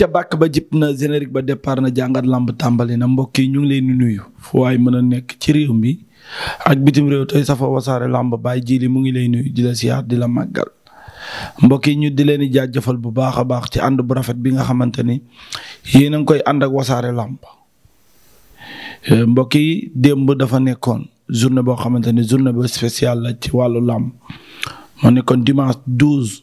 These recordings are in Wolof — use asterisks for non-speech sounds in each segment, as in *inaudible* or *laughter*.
ca bàkk ba jip na générique ba départ na jàngat lamb tàmbali na mbokk yi ñu ngi leen di nuyu fu waay mën a nekk ci réew mi ak bitim réew tey safa wasaare lamb baay ji mu ngi lay nuyu di la siyaar di la màggal mbokk yi ñu di leen di jaajëfal bu baax a baax ci ànd bu rafet bi nga xamante ni yéen a koy ànd ak wasaare lamb euh, mbokk yi démb dafa nekkoon journée boo xamante ni journée bu spéciale la ci wàllu lamb moo nekkoon dimanche 12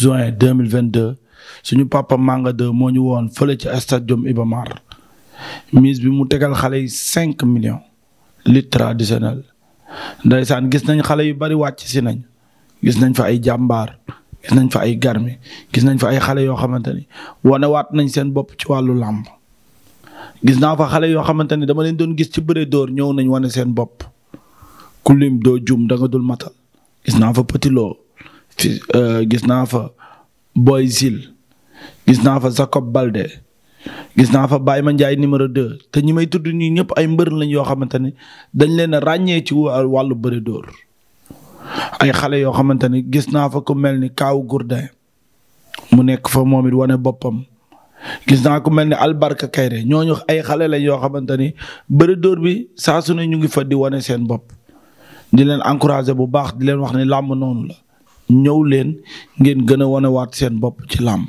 juin 2022 suñu papa Manga 2 moo ñu woon fële ci stade Jom Iba bi mu tegal xale yi cinq million litre traditionnel ndeysaan gis nañ xale yu bari wàcc si nañ gis nañ fa ay jàmbaar gis nañ fa ay garmi gis nañ fa ay xale yoo xamante ni wanewaat nañ seen bopp ci wàllu làmb gis naa fa xale yoo xamante ni dama leen doon gis ci bëre door ñëw nañ wane seen bopp ku lim doo jum da dul matal gis naa fa Petit fi euh, gis naa fa Boy Sil gis naa fa Jacob Balde gis naa fa ma Mandiaye numéro 2 te ñi may tudd nii ñëpp ay mbër lañ yoo xamante ne dañ leen a ràññee ci wàllu bëri dóor ay xale yoo xamante ne gis naa fa ku mel ni Kaaw Gourdin mu nekk fa moom it wane boppam gis naa ku mel ni Albarka Kayre ñu ay xale lañ yoo xamante ni bëri dóor bi saa su ne ñu ngi fa di wane seen bopp di leen encourager bu baax di leen wax ni làmb noonu la ñëw leen ngeen gën a wane waat seen bopp ci làmb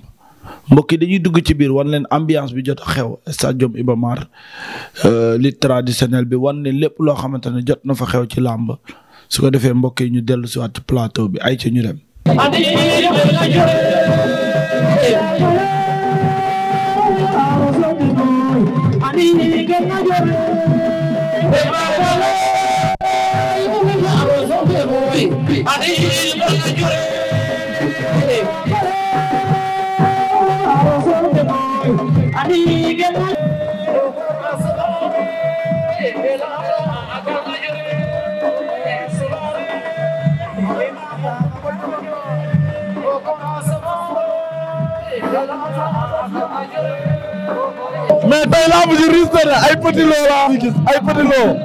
mbokk yi dañuy dugg ci biir wan leen ambiance bi jot a xew stadium Iba Mar li traditionnel bi wan lépp loo xamante ne jot na fa xew ci làmb su ko defee mbokk yi ñu dellu si waat plateau bi ay ci ñu dem. mais tey laa mujj risque ay petit loo laa fi gis ay petit loo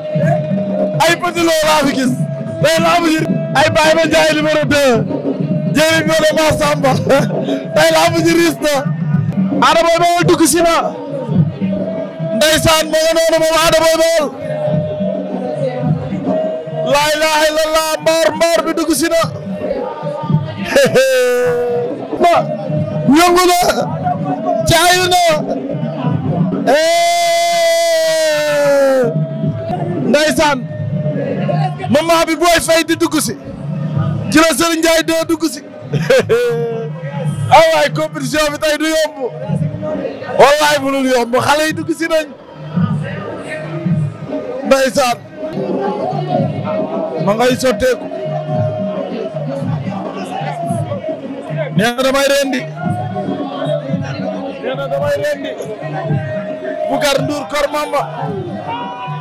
ay petit loo laa fi ay Baye Ma Ndiaye numéro 2 jëriñ nga ne Massamba tey laa mujj risque na. *laughs* Adama ma dugg ndeysaan ma nga noonu moom Ada Boy Baol laa ilaaha illallah mbaar mbaar bi dugg si na ba yëngu na caayu na eh. ndeysaan mama bi booy fay di dugg si ci la Serigne Ndiaye doo dugg si awaay *laughs* compétition bi tey du wallaay mënul yomb xale yi dugg si nañ ndeysaan ma ngay sotteeku nee na rendi nee na damay rendi Boucar Ndour Kor Mamba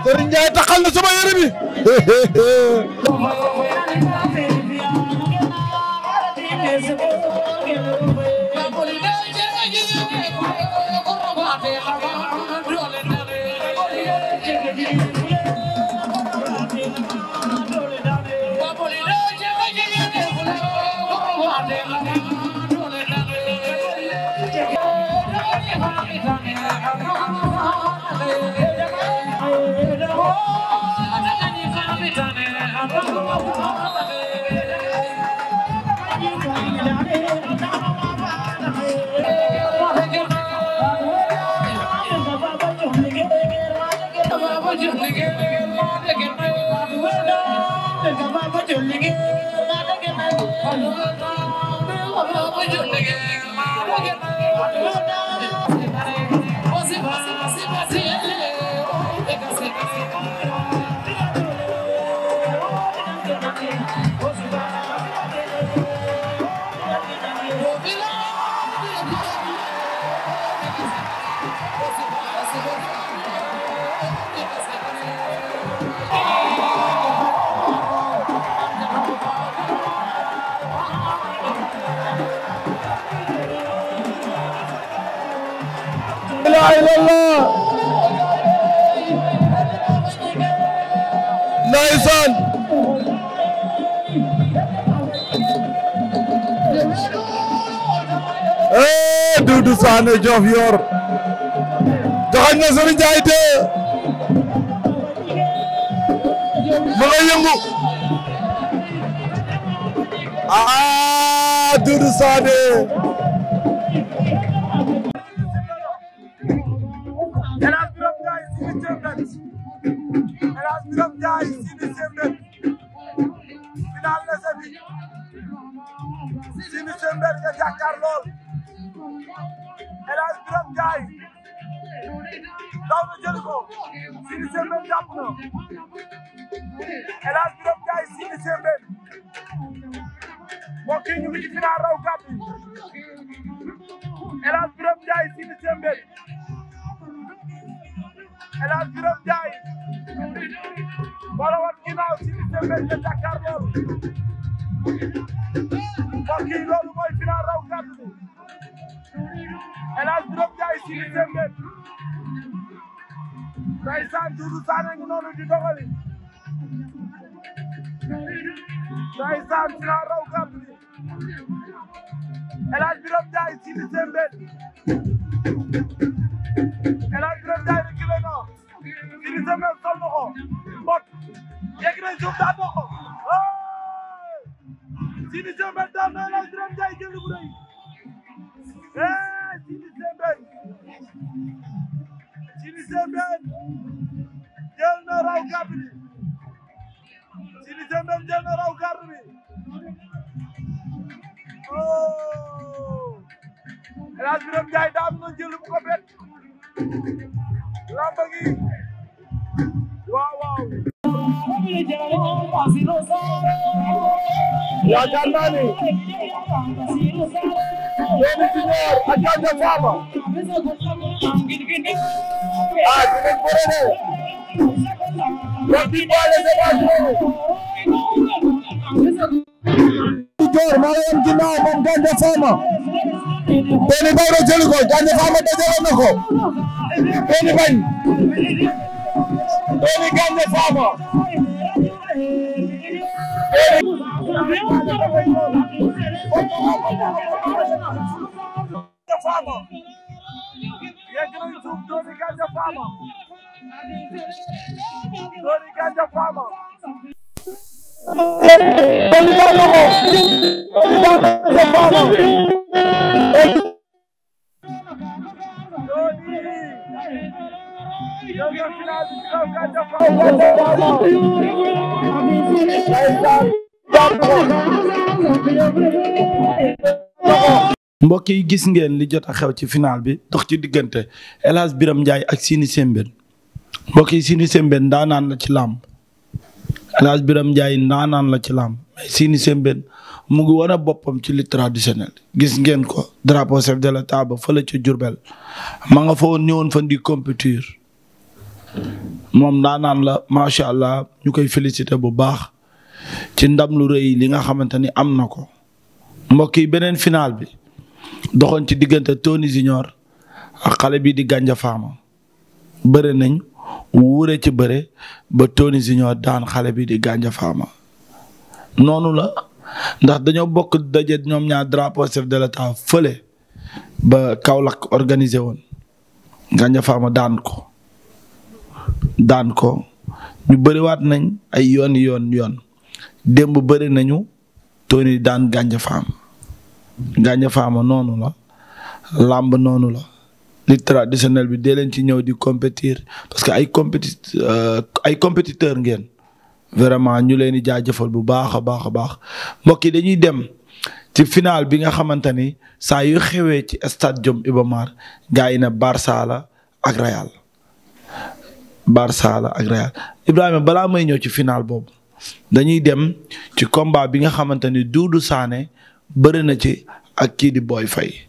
Serigne na sama yére *laughs* ilaha illallah ndeysaan eh Doudou Sané Diof yor joxañ na Serigne Ndiaye ma nga yëngu ah Doudou Sané El Hadj Birame Ndiaye Sidi Sembène El Hadj Birame Ndiaye wala woon ginnaaw Sidi Sembène de Dakar lool yi loolu raw gàddu gi El Hadj Birame Ndiaye Sidi Sembène ndeysaan Doudou Sané ngi noonu di doxali ndeysaan raw gàddu gi El Hadj Birame Ndiaye Sidi Sembène El Hadj Birame Ndiaye reculé na Sidi Sembène sol na ko mbot yegg na suuf daan na ko Sidi Sembène daan na El Hadj Birame Ndiaye jël bu rëy Sidi Sembène Sidi Sembène jël na na raw gàdd El Hadj Birame Ndiaye daa am na jël bu ko bet lamba gi waaw waaw yaakaar naa ni Yéni Junior ak Gandia Fama ah dinañ bëre de wax bi baale sa baas Dior moo la woon ginnaaw moom Gandia Fama Tony Bairo jëli ko Gandia Fama dajale na ko Tony bañ Tony mbokk yi gis ngeen li jot a xew ci final bi dox ci diggante El Biram njaay ak Sini Sembène mbokk Sini Sembène daa la ci làmb El biram Birame Ndiaye naanaan la ci làmb mais Siny Sembène mu ngi wane boppam ci li traditionnel gis ngeen ko drapeau chef fa l'État ci Diourbel ma nga fa woon ñëwoon fan di compétir moom naanaan la macha allah ñu koy félicité bu baax ci ndam lu rëy li nga xamante ni am na ko mbokk yi beneen final bi doxoon ci diggante Tony Junior ak xale bii di Gandia Fama bëre nañ wuure ci bëre ba Tony Junior daan xale bi di Gandia noonu la ndax dañoo bokk daje ñoom ñaar drapeau chef de l'État fële ba Kaolack organisé woon Gandia Fama daan ko daan ko ñu bëriwaat nañ ay yoon yoon yoon démb bëri nañu Tony daan Gandia Fama Fama noonu la làmb noonu la lutte traditionnelle bi dee leen ci ñëw di compétir parce que ay compéti euh, ay compétiteur ngeen vraiment ñu leen di jaajëfal bu baax a baax a baax mbokk yi dañuy dem ci final bi nga xamante ni saa yu xewee ci stade Jom Iba Mar gars yi na Barça la ak Real Barça la ak Ibrahima balaa may ñëw ci final boobu dañuy dem ci combat bi nga xamante ni Doudou Sané bëri na ci ak kii di booy fay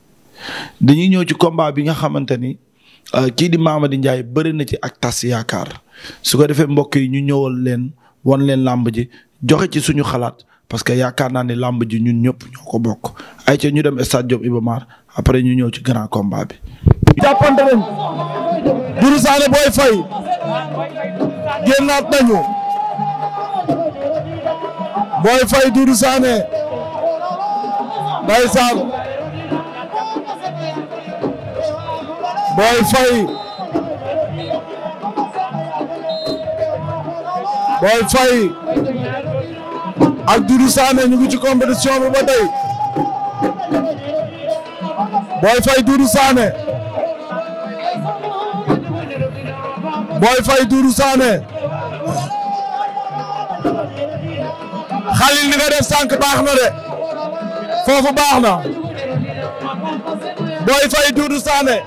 dañuy ñëw ci combat bi nga xamante ni euh, kii di Mamady Ndiaye bëri na ci ak tas yaakaar su ko defee mbokk yi ñu ñëwal leen wan leen làmb ji joxe ci suñu xalaat parce que yaakaar naa ne làmb ji ñun ñëpp ñoo ko bokk ay ca ñu dem stade Diop Iba Mar après ñu ñëw ci grand kombaa bi. jàppante nañ Doudou Sané Boy Faye génnaat nañu Boy Faye Boy Faye ak Doudou Sané ñu ngi ci compétition bi ba tey Boy Faye Doudou Sané Boy Faye Doudou Sané Khalil ni nga def sànq baax na de foofu baax na Boy Faye Doudou Sané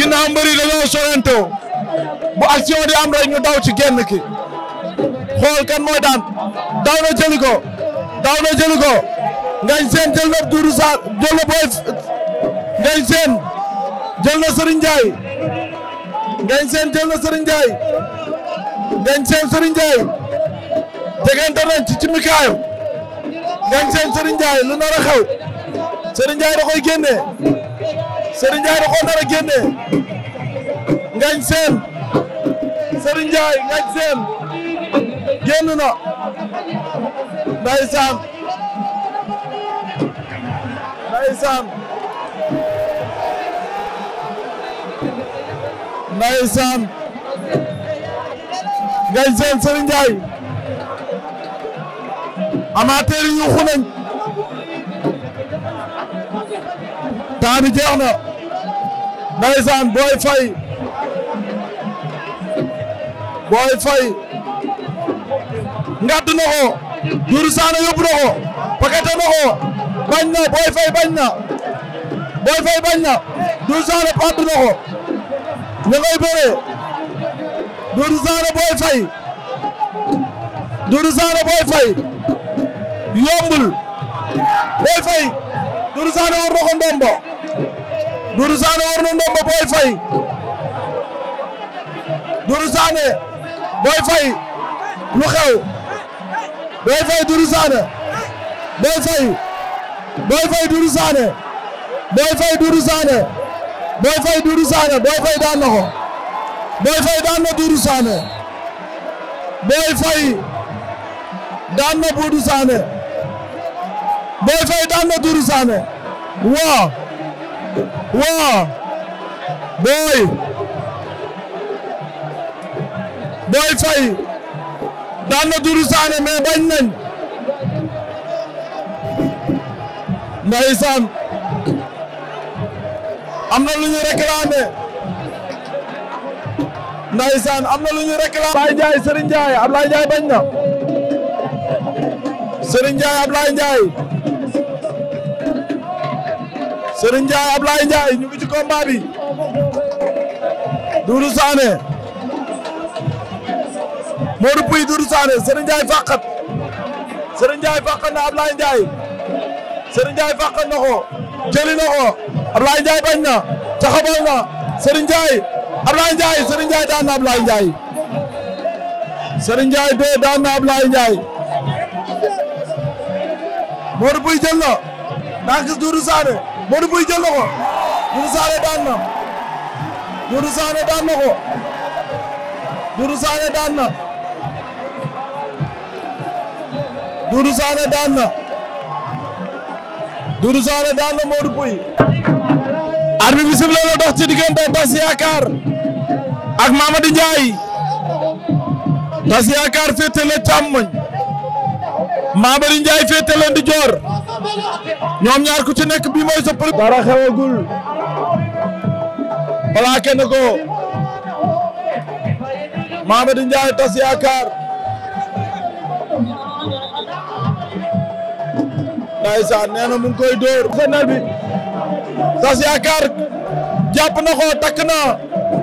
ginnaaw mbëri dañoo sorante bu action di am rek ñu daw ci genn ki xool kan mooy daan daw na jëli ko daw na jëli ko ngañ seen jël na Doudou na Boy ngañ seen jël na Serigne Ndiaye ngañ seen jël na Serigne Ndiaye ci cimikaayam ngañ seen Serigne Ndiaye lu nar a xew Serigne Ndiaye da génnee Serigne Ndiaye da a génnee Ngagne Sène Serigne Ndiaye Ngagne Sène génn na ndeysaan ndeysaan ndeysaan Ngagne Sène Serigne Ndiaye amateur nañ temps jeex na ndeysaan Boy Faye Boy Faye ngàdd na ko Doudou Sané yóbbu na ko pakete na ko bañ na Boy Faye bañ na Boy Faye bañ na Doudou yombul Boy Faye Doudou Sané war ndombo Doudou Sané war na ndomba Boy Faye Doudou Sané Boy Faye lu xew Boy Faye Doudou Sané Boy Faye Boy Faye Doudou Sané Boy Faye Doudou Sané Boy Faye Doudou Sané Boy Faye daan na ko Boy Faye daan na Doudou Sané Boy Faye daan na Doudou Sané Boy Faye daan na Doudou Sané waaw waa booy booy fay daan na Doudou Sané mais bañ nañ ndeysaan am na lu ñu réclamé ndeysaan am na lu ñu réclamé Baye Ndiaye Serigne Ndiaye Ablaye Ndiaye bañ na Serigne Ndiaye Ablaye Ndiaye Serigne Ndiaye Ablaye Ndiaye ñu ngi ci combat bi Doudou Sané Modou Pouye Doudou Sané Serigne Ndiaye fàqat Serigne na Ablaye Ndiaye Serigne na ko jëli na daan na Ablaye Ndiaye dee daan na Ablaye Ndiaye Modou Pouye jël na naa Modou Pouye jël na ko Doudou Sané daan na Doudou Sané daan na ko Doudou Sané daan na Doudou Sané daan daan na Modou Pouye arbitre bi sifflé na dox ci diggante Tass Yakar ak Mamady Ndiaye Tass Yakar féete la càmmoñ Mamady Ndiaye féete la ndijoor ñoom ñaar ku ci nekk bii mooy sa pël. dara xewagul. plaqué na ko. Mamadou Ndiaye tas yaakaar. ndeysaan nee na mu koy dóor. fenal bi. tas yaakaar jàpp na ko takk na.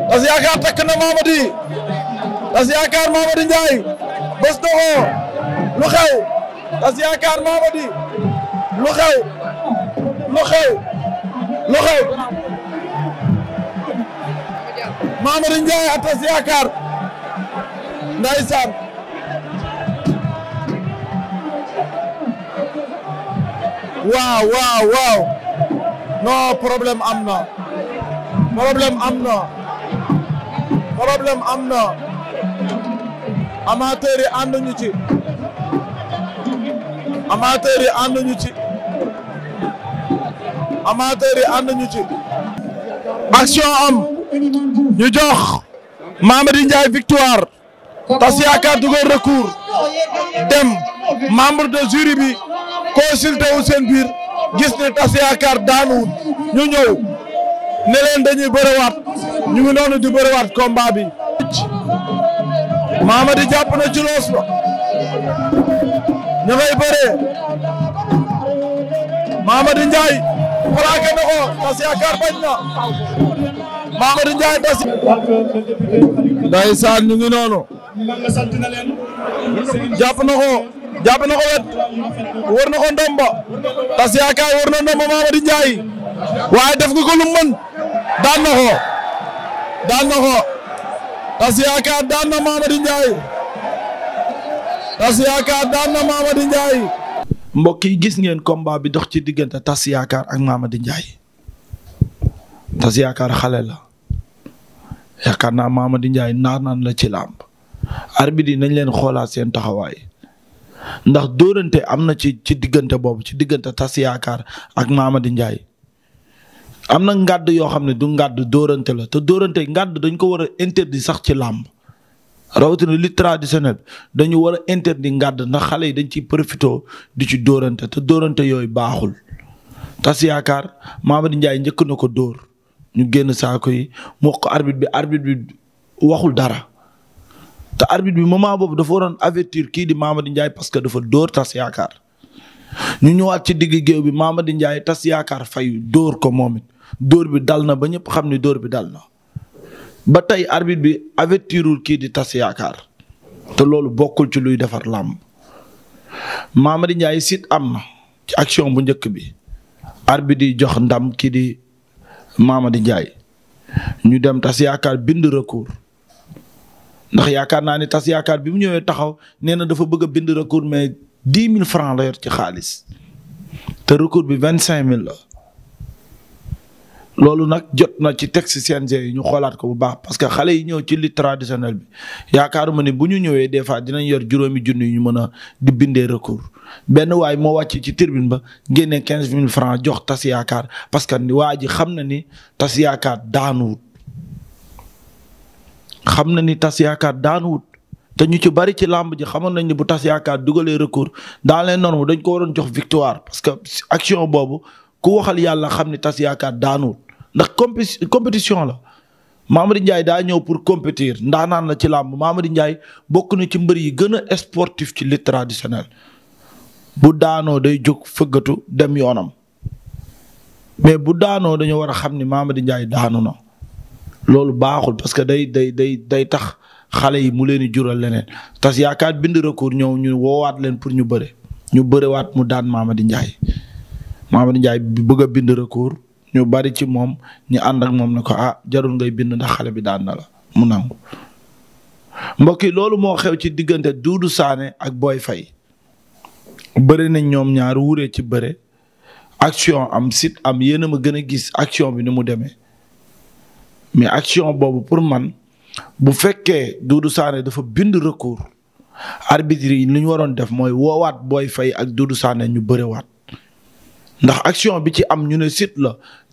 tas yaakaar takk na Mamadou. lu xew. tas yaakaar Mamadou. lu xew lu xew lu xew Mamadou Ndiaye waaw waaw waaw non problème am na problème am na problème am na amateur yi ànduñu ci amateur yi ci amateurs yi ànd ñu ci. action am ñu victoire tas yaakaar dugal recours dem membre de jury bi consulté wu seen gis ne tas yaakaar daanuwul ñu ñëw leen dañuy bëriwaat ñu ngi noonu di bëriwaat combat bi. Mamady jàpp na ñu ngay bëree Mamady Ndiaye. plaqué na ko Tass bañ na Mamadou Ndiaye Tass ndeysaan ñu ngi noonu jàpp na ko jàpp na ko wet wër na ko ndomba Tass Yakar wër na ndomba Mamadou Ndiaye waaye def nga ko lu daan na ko daan daan na Mamadou Ndiaye Tass Yakar daan na Mamadou Ndiaye mbokk yi gis ngeen combat bi dox ci diggante tas yaakaar ak Mamady Ndiaye tas yaakaar xale la yaakaar naa Mamady Ndiaye naar naan la ci làmb arbitre di nañ leen xoolaat seen taxawaay ndax dóorante am na ci ci diggante boobu ci diggante tas yaakaar ak Mamady Ndiaye am na ngàdd yoo xam ne du ngàdd dóorante la te dóorante ngàdd dañ ko war a interdit sax ci làmb rawatina li traditionnel dañu war a interdit ngàdd ndax xale yi dañ ciy profité di ci doorante te doorante yooyu baaxul tas yaakaar Mamadou Ndiaye njëkk na ko dóor ñu génn saako yi mu wax ko arbitre bi arbitre bi waxul dara te arbitre bi moment boobu dafa waroon avertir kii di Mamadou Ndiaye parce que dafa dóor tas yaakaar ñu ñëwaat ci digg géew bi Mamadou Ndiaye tas yaakaar fay dóor ko moom it bi dal na ba ñëpp xam ni dóor bi dal na ba tey arbitre bi avertirul kii di tas yaakaar te loolu bokkul ci luy defar làmb Mamady Ndiaye sit am na ci action bu njëkk bi arbitre di jox ndam kii di Mamady Ndiaye ñu dem tas yaakaar bind recours ndax yaakaar naa ni tas yaakaar bi mu ñëwee taxaw nee na dafa bëgg bind recours mais dix mille francs la yor ci xaalis te recours bi vingt cinq mille la loolu nag jot na ci texte CNG yi ñu xoolaat ko bu baax parce que xale yi ñëw ci lutte traditionnelle bi yaakaaruma ni bu ñu ñëwee des fois dinañ yor juróomi junni yu ñu mën a di bindee recours benn waay moo wàccee ci tirbine ba génnee quinze mille francs jox tas yaakaar parce que waa ji xam na ni tas yaakaar daanuwut xam na ni tas daanuwut te ñu ci bari ci làmb ji xamoon nañ ni bu tas yaakaar dugalee recours dans les normes dañ ko waroon jox victoire parce que action boobu ku waxal yàlla xam ni tas yaakaar ndax compéti compétition la Mamady Ndiaye daa ñëw pour compétir ndaanaan la ci làmb Mamady Ndiaye bokku na ci mbër yi gën a sportif ci lutte traditionnelle bu daanoo day jóg fëggatu dem yoonam mais bu daanoo dañu war a xam ni Mamady Ndiaye daanu na loolu baaxul parce que day day day day tax xale yi mu leen di jural leneen tas yaakaar bind recours ñëw ñu woowaat leen pour ñu bëre ñu bërewaat mu daan Mamady Ndiaye Mamady Ndiaye bëgg a bind recours ñu bari ci moom ñu ànd ak moom na ko ah jarul ngay bind ndax xale bi daan na la mu nangu. mbokk yi loolu moo xew ci diggante Doudou saane ak booy fay bëri nañ ñoom ñaar wuuree ci bëre action am sit am yéen a ma gën a gis action bi nu mu demee mais action boobu pour man bu fekkee Doudou Sané dafa bind recours arbitre yi li ñu waroon def mooy woowaat booy fay ak Doudou saane ñu bërewaat. ndax action bi ci am ñu ne Siteu la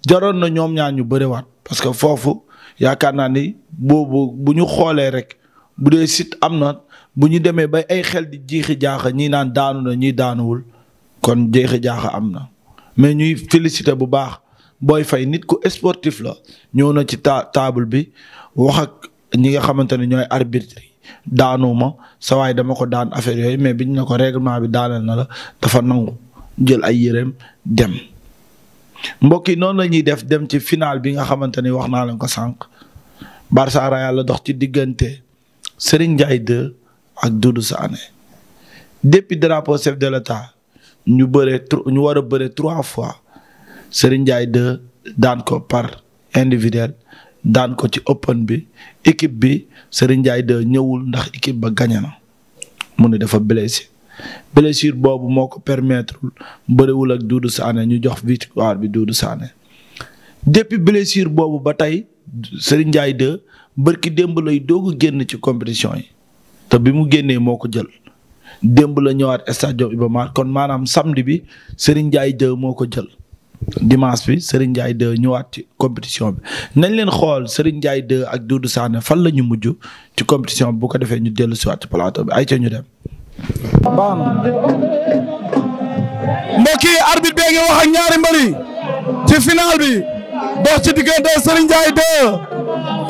jaroon na ñoom ñaan ñu bëriwaat parce que foofu yaakaar naa ni boobu bu ñu xoolee rek bu dee sit am na bu ñu demee ba ay xel di jiixi jaaxa ñii naan daanu na ñii daanuwul kon jiixi jaaxa am na mais ñuy félicité bu baax booy fay nit ku sportif la ñëw na ci ta table bi wax ak ñi nga xamante ne ñooy arbitre daanu ma sa waay dama ko daan affaire yooyu mais bi ñu ne ko règlement bi daaneel na la dafa nangu jël ay yéreem dem mbokk yi noonu la ñuy def dem ci final bi nga xamante ni wax naa leen ko sànq Barça Real la dox ci diggante Serigne Ndiaye 2 ak Doudou Sané depuis drapeau chef de l'état ñu ñu war a bëree trois fois Serigne Ndiaye 2 daan ko par individuel daan ko ci open bi équipe bi Serigne Ndiaye 2 ñëwul ndax équipe ba gañe na mu ne dafa blessé blessure boobu moo ko permettre bëriwul ak Doudou Sané ñu jox victoire bi Doudou Sané depuis blessure boobu ba tey Serigne Ndiaye 2 bërki démb lay doog génn ci compétition yi te bi mu génnee moo ko jël démb la ñëwaat stade Iba Mar kon maanaam samedi bi Serigne Ndiaye dë moo ko jël dimanche bi Serigne Ndiaye 2 ñëwaat ci compétition bi nañ leen xool Serigne Ndiaye 2 ak Doudou Sané fan la ñu mujj ci compétition bi bu ko defee ñu dellu siwaat ci plateau bi ay ca ñu dem baax na. mbokk yi arbitre bee ngi wax ak ñaari mbëri ci final bi dox ci diggante Serigne Ndiaye 2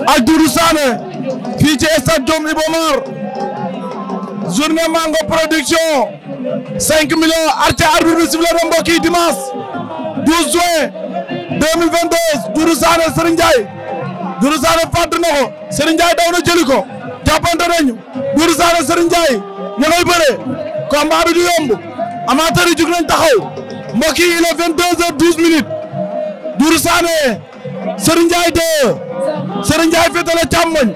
ak Doudou Sané fii ci stade Iba Mar journée Mango production 5 millions arca bi sifflé na mbokk yi dimanche 12 juin 2022 Doudou Sané Serigne daw na jëli ko jàppante nañu Doudou Sané ña ngay bëree combat bi du yomb amateur yi jug nañ taxaw mbokk yi il est vingt deux heures douze minutes Dourou Sané Serigne Ndiaye de Serigne Ndiaye féetale càmmoñ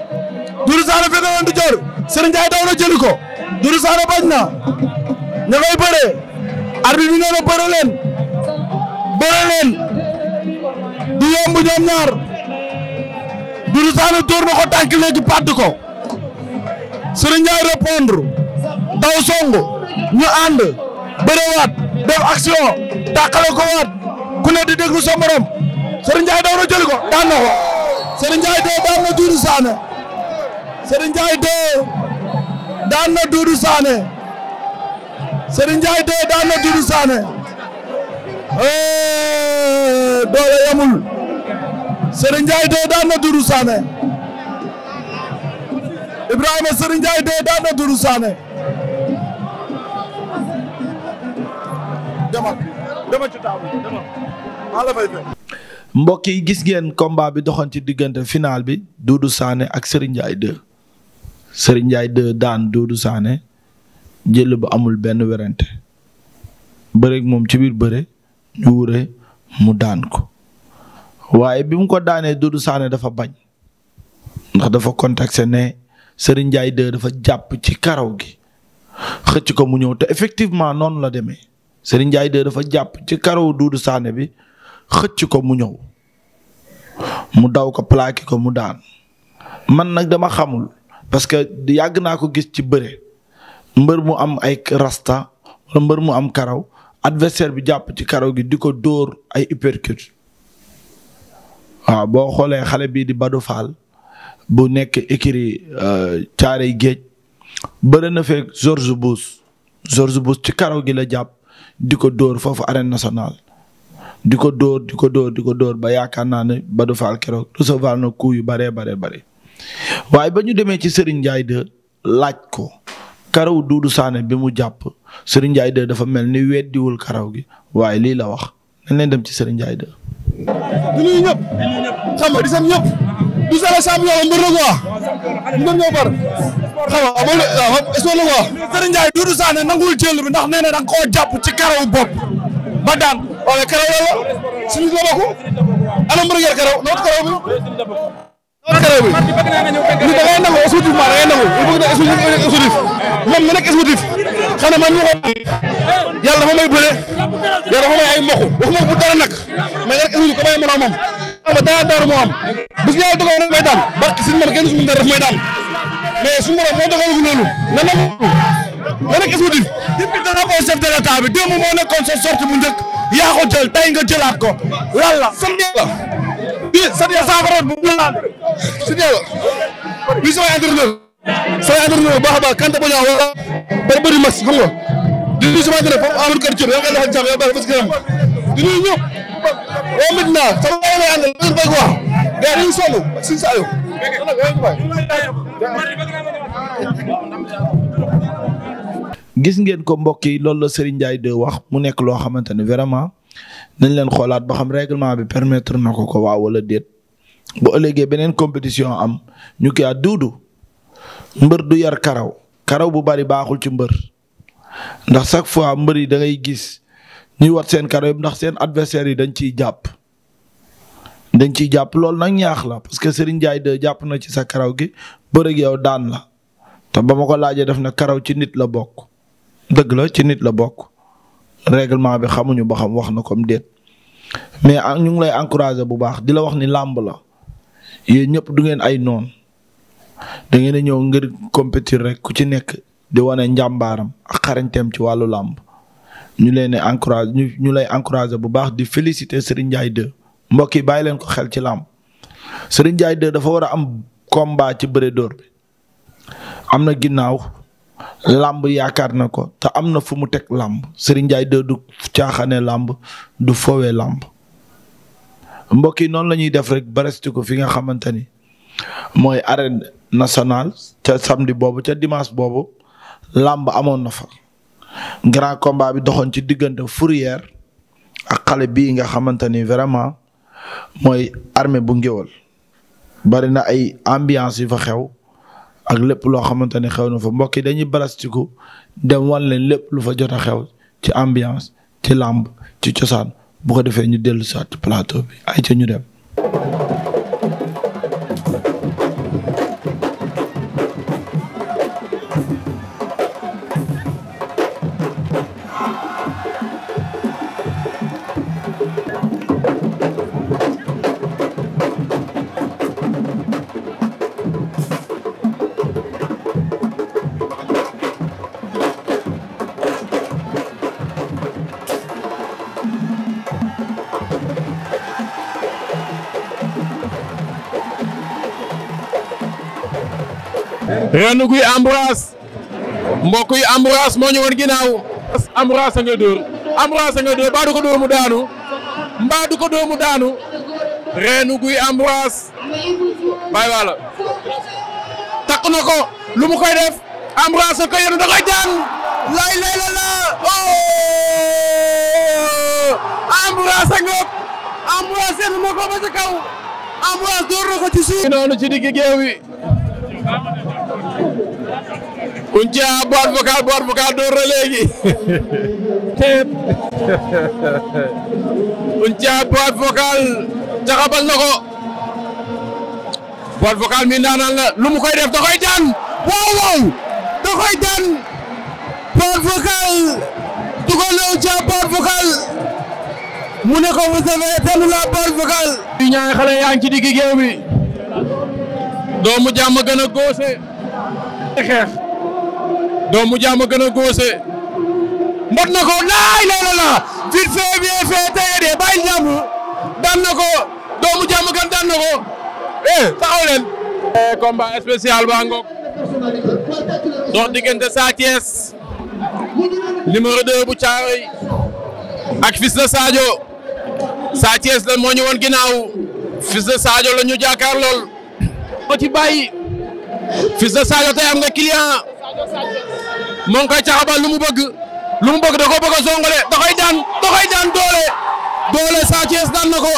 Dourou Sané féetale ndijoor Serigne daw na jëli ko Dourou Sané bañ na ña ngay bëree arbitre bi na bëre leen bëre leen du yomb ñoom ñaar Dourou Sané dóor na ko tànk léegi pàdd ko Serigne Ndiaye répondre daw song ñu ànd bërewaat def action tàqale ko waat ku ne di déglu sa morom Serigne Ndiaye daw na jëli ko daan na ko Serigne Ndiaye dee daan daan na Doudou Sané Serigne Ndiaye yamul Serigne Ndiaye dee daan na Doudou Sané Ibrahima Serigne Ndiaye dee daan na Doudou Sané demal yi gis ngeen combat bi doxoon ci diggante finaal bi Doudou Sané ak Serigne Ndiaye 2 daan Doudou Sané jël bu amul benn werante bëreeg moom ci biir bëre ñu wure mu daan ko waaye bi mu ko daanee Doudou Sané dafa bañ ndax dafa contacté ne Serigne Ndiaye 2 dafa jàpp ci karaw gi xëcc ko mu ñëw te effectivement noonu la demee Serigne Ndiaye de dafa jàpp ci karaw Doudou Sané bi xëcc ko mu ñëw mu daw ko plaqué ko mu daan man nag dama xamul parce que yàgg naa ko gis ci bëre mbër mu am ay rasta wala mbër mu am karaw adversaire bi jàpp ci karaw gi di ko dóor ay uppercut waaw boo xoolee xale bii di Badou Fall bu nekk écurie euh, Thiaroye Géej bëre na fekk George Bush George Bush ci karaw gi la jàpp di ko dóor foofu arène nationale. di ko dóor di ko dóor di ko dóor ba yaakaar naa ne ba du faal keroog recevoir na coup yu baree baree bare waaye ba ñu demee ci Serigne Ndiaye de laaj ko karaw Doudou Sané bi mu jàpp Serigne Ndiaye de dafa mel ni weddiwul karaw gi waaye lii la wax nañ leen dem ci Serigne Ndiaye de. du nuyu ñëpp. xam nga di sant ñëpp. du sale champion mbër la quoi. mbër ñoo xam nga a waaw est-ce que lu wax. Serigne bi ndax nee na da nga koo jàpp ci karaw bopp ba daan waaye karaw la la la bokk anam bëri ngeen karaw nootu karaw karaw bi li da ngay nangu exclusivement da ngay nangu il da exclusif moom mi nekk exclusif xam ne man ñu ko yàlla dafa may bëre yàlla dafa may ay mokk waxuma bu dara nag mais rek exclusif ko bàyyi mën a moom. xam nga dara dara moo am bis yàlla dogal may daan ba si man kenn suñu dara daf may daan. mais suñu borom moo doxalul loolu na na na nekk exécutif depuis drapeau de l'état bi démb moo nekkoon sa sorte bu njëkk yaa ko jël tay nga jëlaat ko lan la sam yàlla bi sam yàlla saa ko root bu mu laal sam yàlla bi samay entraîneur samay entraîneur baax a baax kante bañaa wala bari bëri mas xam nga di nuyu di nuyu ñëpp waa Medina sama lay àndal dañ fay ko wax gars dañu sonn gis ngeen ko mbokk yi loolu la Serigne Ndiaye de wax mu nekk loo xamante ne vraiment nañ leen xoolaat ba xam règlement bi permettre na ko ko waaw wala déet bu ëllëgee beneen compétition am ñu kii at duudu mbër du yar karaw karaw bu bari baaxul ci mbër ndax chaque fois mbër yi da ngay gis ñuy wat seen karaw ndax seen adversaire yi dañ ciy jàpp. dañ ciy jàpp loolu nag ñaax la parce que Serigne Ndiaye de jàpp na ci sa karaw gi bëreeg yow daan la te ba ma ko laajee def na karaw ci nit la bokk dëgg la ci nit la bokk règlement bi xamuñu ba xam wax na kom déet mais ñu ngi lay encourager bu baax di la wax ni làmb la yéen ñëpp du ngeen ay noon da ngeen ñëw ngir compétir rek ku ci nekk di wane njàmbaaram ak ci wàllu làmb ñu leen encourage ñu lay encourager bu baax di félicité Serigne Ndiaye 2 mbokk yi bàyyi leen ko xel ci làmb Serigne Ndiaye 2 dafa war a am combat ci bëre bi am na ginnaaw làmb yaakaar na ko te am na fu mu teg làmb Serigne Ndiaye 2 du caaxaane làmb du foowee làmb mbokk yi noonu la ñuy def rek baresti ko fi nga xamante ni mooy arène nationale ca samedi boobu ca dimanche boobu làmb amoon na fa grand combat bi doxoon ci diggante fourrière ak xale bi nga xamante ni vraiment mooy armée bu ngéwal bari na ay ambiance yu fa xew ak lépp loo xamante ne xew na fa mbokk yi dañuy balastiku dem wan leen lépp lu fa jot a xew ci ambiance ci làmb ci cosaan bu ko defee ñu dellu saat plateau bi ay ca ñu dem Renou Gouye Ambroise mbokk yi Ambroise moo ñëwoon ginnaaw. Ambroise a dóor Ambroise a dóor mbaa du ko dóor mu daanu mbaa du ko dóor mu daanu Renou Gouye Ambroise bàyyi wàlla takk na lu mu koy def Ambroise ko yenu da koy lay lay la la oh Ambroise a nga Ambroise yenu ba ca kaw dóor na ko ci noonu ci digg géew wi Kouthia boîte vocale boîte vocale door na léegi teep *laughs* Kouthia boîte vocale jaxabal na ko boîte vocale mi naanaan la lu mu koy def da koy daan waaw waaw da koy daan boîte vocale dugal na Kouthia boîte vocale mu ne ko vous avez éteint la boîte vocale yu ñaari xale yaa ngi ci digg géew doomu jàmm gën a doomu jaam a gën a góose mbot na ko laay loola la vite fait bien fait tey de bàyyi na ko doomu jaam a gën na ko eh taxaw leen eh, combat spécial baa ngoog dox diggante Sa Thiès numéro ak fils de Sadio Sa Thiès la moo ñu woon ginnaaw fils de Sadio lool ko ci bàyyi fils de Sadio tey nga client moo ngi koy caxabal lu mu bëgg lu mu bëgg da ko bëgg a zongale da koy daan doole doole Sa Thiès daan na ko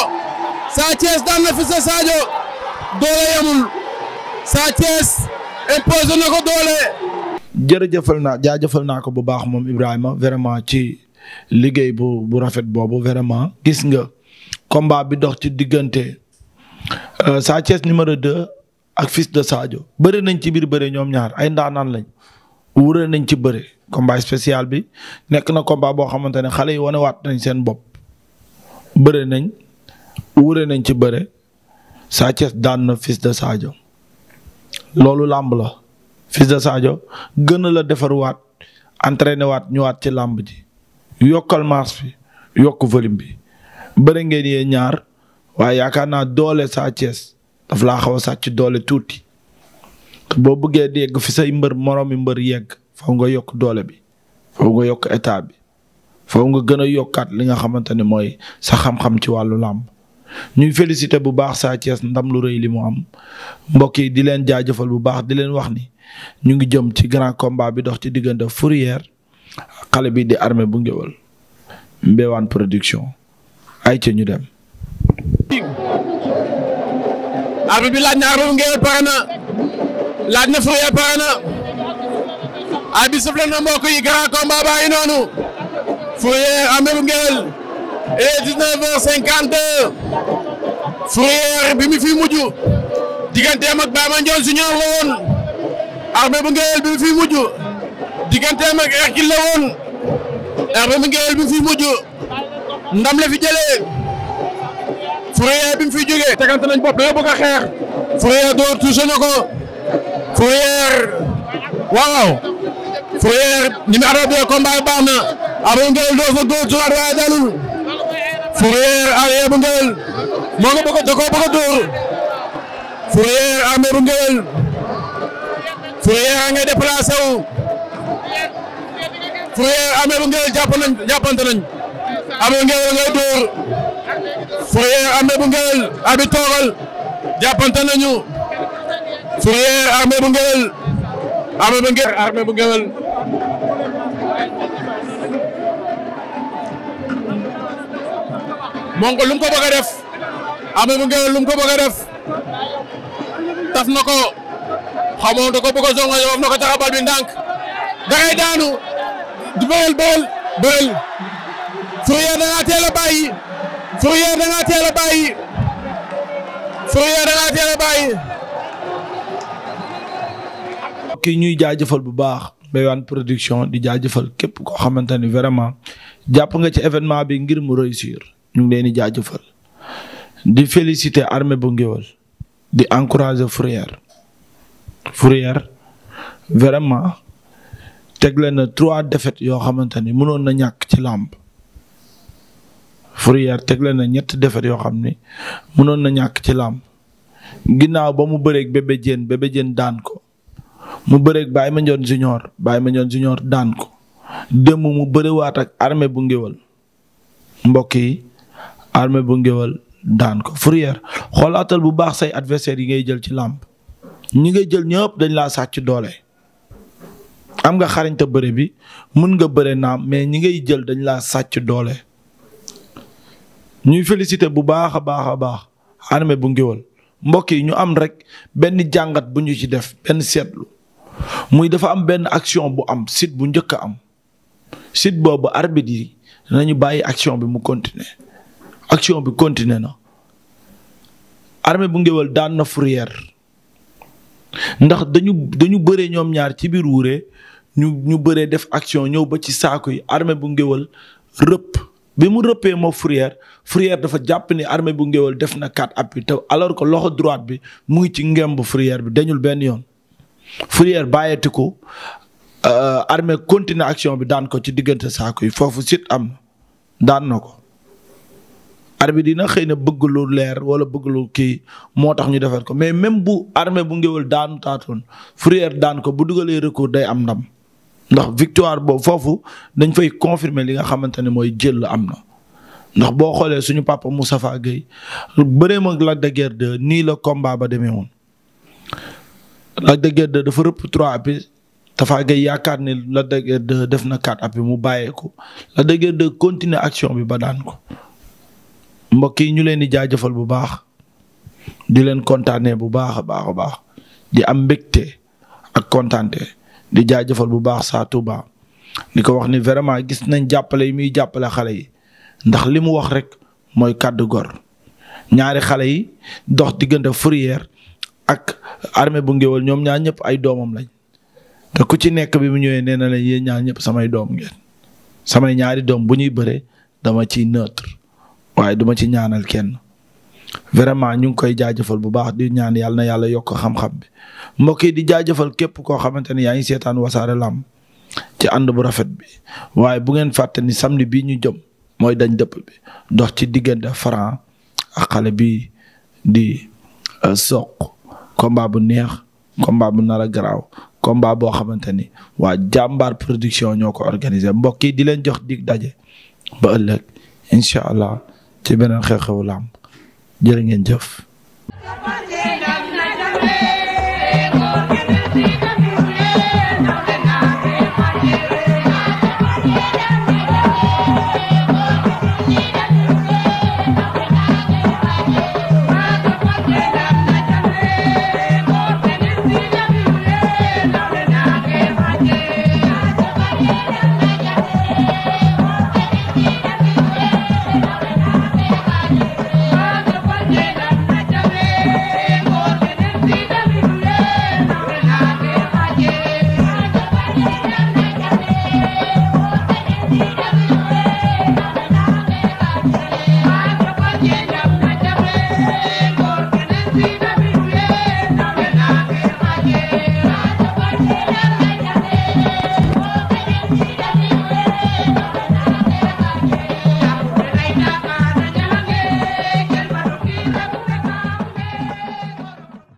Sa Thiès daan na fi sa doole yamul Sa Thiès imposé na ko doole. jërëjëfal naa jaajëfal naa ko bu baax moom Ibrahima vraiment ci liggéey bu bu rafet boobu vraiment gis nga combat bi dox ci diggante euh, Sa Thiès numéro 2. ak fils de Sadio bëri nañ ci biir bëri ñoom ñaar ay ndaanaan lañ wure nañ ci bëri combat spécial bi nekk na combat boo xamante ne xale yi wane waat nañ seen bopp bëri nañ wure nañ ci bëre Sa Thiès daan na fils de Sadio loolu làmb la fils de Sadio gën a la defarwaat entraîné waat ñëwaat ci làmb ji yokkal maas bi yokk volume bi bëri ngeen yee ñaar waaye yaakaar naa doole Sa Thiès daf laa xaw a sàcc doole tuuti boo bëggee yegg fi say mbër moroomi mbër yegg faw nga yokk doole bi faw nga yokk état bi faw nga gën a yokkaat li nga xamante ne mooy sa xam-xam ci wàllu làmb ñuy félicité bu baax Sa Thiès ndam lu rëy li mu am mbokk yi di leen jaajëfal bu baax di leen wax ni ñu ngi jëm ci grand combat bi dox ci diggante Fourrière xale bi di Armé bu Ngéwël Mbéwane production ay ca ñu dem arbitre bi laaj na laaj na Fourier pare na arbitre na mbokk yi grand combat baa ngi noonu Fourier am na ngeen il est 19h52 Fourier bi mu fi mujj digganteem ak Baye Mandione Junior la woon bu ngeen bi mu fi mujj digganteem ak Hercule la woon arbitre bu ngeen bi mu fi mujj ndam la fi jëlee. Fourrière bi mu fiy jógee. tegante nañ bopp dañoo bëgg a xeex. Fourrière door touché na ko. Fourrière er, waaw. Fourrière er, ni mu arrêté combat bi baax na. Abou Nguel doo ko door tuuraat waaye dalul. Fourrière er, arrière bu Nguel. moo ko bëgg da koo bëgg a door. Fourrière armé bu Nguel. Fourrière a ngay déplacé wu. Fourrière armé bu Nguel jàpp nañ jàppante nañ. Abou Nguel ngay door. Fourier armée bu Ngéwél abi toogal jàppante nañu Fourier armée bu Ngéwél armée bu Ngéwél armée bu Ngéwél Monko lu mu ko bëgg a def armée bu Ngéwél lu mu ko bëgg def taf na ko xamoo da ko bëgg a zongo yow na ko taxabal bi ndànk da daanu di bëyal bëyal bëyal Fourier da ngaa teel a bàyyi Fourrière da ngaa teel a bàyyi Fourrière a kii ñuy jaajëfal bu baax Mbewane production di jaajëfal képp koo xamante ni vraiment jàpp nga ci événement bi ngir mu réussir ñu ngi leen di jaajëfal. di féliciter armée bu ngéwal di encourager Fourrière Fourrière vraiment tegle na trois défaites yoo xamante ni mënoon na ñàkk ci làmb Fourrière tegle na ñetti defet yoo xam ni mënoon na ñàkk ci làmb ginnaaw ba mu bëreeg Bébé Diène daan ko mu bëreeg Baye Mandione Junior Baye Mandione Junior daan ko démb mu bëriwaat ak armée bu ngéwal mbokk yi armée bu ngéwal daan ko xool atal bu baax say adversaire yi ngay jël ci làmp ñi ngay jël ñëpp dañ laa sàcc doole am nga xarañta bëre bi mën nga bëre naam mais ñi ngay jël dañ laa sàcc doole ñuy félicité bu baax a baax a baax armée bu ngéwal mbokk yi ñu am rek benn jàngat bu ñu ci def benn seetlu muy dafa am benn action bu am sit bu njëkk a am site boobu arbitre yi nañu bàyyi action bi mu continuer action bi continuer na armée bu ngéwal daan na Fourrière ndax dañu dañu bëree ñoom ñaar ci biir wuure ñu ñu bëree def action ñëw ba ci saako yi armée bu ngéwal rëpp bi mu rëppee moo Fourrière Fourrière dafa jàpp ni armée bu ngéwal def na quatre appui te alors que loxo droite bi mu ci ci bu Fourrière bi dañul benn yoon Fourrière bàyyeeti ko euh, armée continue action bi daan ko ci diggante saako yi foofu sit am daan na ko armée dina xëy na bëgg lu leer wala bëgg lu kii moo tax ñu defar ko mais même bu armée bu ngéwal daanu taatoon Fourrière daan ko bu dugalee recours day am ndam ndax victoire boobu foofu dañ fay confirmer li nga xamante ne mooy jël am na ndax boo xoolee suñu papa Moustapha Gueye bëreem ak Lac de Guiers 2 nii la combat ba demee woon. Lac de dafa rëpp trois appuis Tapha Gueye yaakaar ne la de Guiers def na quatre appuis mu bàyyeeku ko Lac de Guiers action bi ba daan ko mbokk yi ñu leen di jaajëfal bu baax di leen kontaanee bu baax a baax a baax di am mbégte ak kontaante. di jaajëfal bu baax saa Touba di ko wax ni vraiment gis nañ jàppale yi muy jàppale xale yi ndax li mu wax rek mooy kàddu gor ñaari xale yi dox diggante fourrière ak armée bu ngéwal ñoom ñaar ñëpp ay doomam lañ te ku ci nekk bi mu ñëwee nee na la yéen ñaar ñëpp samay doom ngeen samay ñaari doom bu ñuy bëree dama ciy neutre waaye duma ci ñaanal kenn. vraiment ñu ngi koy jaajëfal bu baax di ñaan yàlla na yàlla yokk xam-xam bi mbokk yi di jaajëfal képp koo xamante ne yaa ngi seetaan wasaare làmb ci ànd bu rafet bi waaye bu ngeen fàtte ni samedi bii ñu jëm mooy dañ dëpp bi dox ci diggante Franc ak xale bi di euh, Sokh combat bu neex combat bu nar a garaaw combat boo xamante ni waa jàmbaar production ñoo ko organisé mbokk yi di leen jox digg daje ba ëllëg incha allah ci beneen xew-xewu làmb jërë ngeen jëf